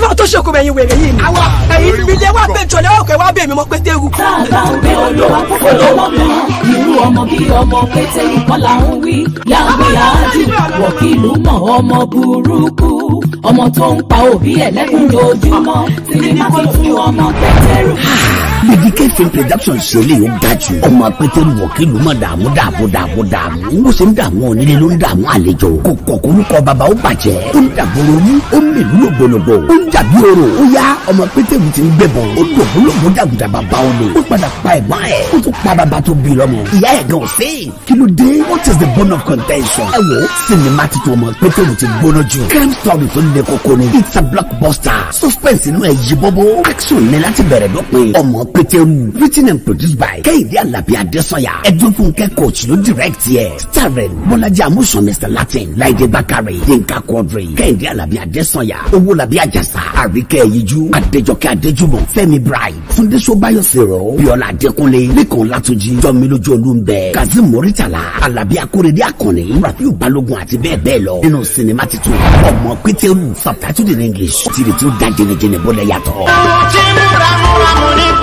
káfá tó ṣe okòwò ẹ̀yin wèrè yìí ni. àwa ẹ̀yin fi lé wá bẹ̀ jọlẹ̀ ọkọ̀ ẹ̀ wá bẹ̀ mi mọ pété wù. táàbà òbí olówó kókó lọ́wọ́ mọ́ irú ọmọ bí ọmọ pété kọ́ ń wí. yàgbé àádì wọ̀kìlú ọmọ burúkú burú ọmọ tó ń pa òbí ẹ̀ lẹ́kùn lójúmọ́ sinimá tuntun ọmọ pẹ̀tẹ́rù. Gbèdéke film production ṣẹlẹ̀ yóò ga jù. Ọmọ apẹ́tẹ́ ń wọ̀ kí ló má dààmú dààmú dààmú dààmú. Bó ṣe ń dààmú onílé ló ń dààmú àlejò. Kò kọ̀kọ́ orúkọ bàbá ó bàjẹ́. Ó ń dàgbòrò ní, ó ń lè lúlò gbòlògbò. Ó ń dàbí orò. Ó yá ọmọ apẹ́tẹ́ mi ti ń gbẹ̀bọ̀. Ó dòbó lòbó dàgùdà bàbá olè. Ó padà pa ẹ̀gbọ́n ẹ̀. Ó tún pa bàbá tó bí lọ́mọ. Ìyá ẹ̀ gan ṣe. Kí ló dé? What is the bone of contention? Ẹ wo sinimá tuntun ọmọ apẹ́tẹ́ mi ti gbóná jù. Crime Talk story tó le koko ni it's a blockbuster suspense inú ẹ̀ yí bọ́bọ́ action ni láti bẹ̀rẹ̀ dọ́pin ọmọ pétérù written and produced by kẹ́hìndé alábí adésọ̀yà Funke coach ló direct yẹ starring bọ́lájà amúsàn mr latin láìdé bákàrẹ̀ yínká quadri kẹ́hìndé alábí adésọ̀yà owólabí àjàsà àríkẹ́ ìyíjú adéjọkẹ́ adéjúmọ̀ fẹ́mi bride túndé sọ́báyọ̀ sèrò bíọ́lá adékúnlé lẹ́kàn látúnjì jọmílójú olúńbẹ kazeem mọ́rítàlá alábí akóredé akànnì rafiu balógun àti bẹ́ẹ̀ bẹ́ẹ̀ lọ nínú sinimá titun ọmọ p pétérù subtitled in English tí ìrètí ó dá jẹnẹjẹnẹ bọ́lẹ̀ yàtọ̀. ó ti múra múra mú ní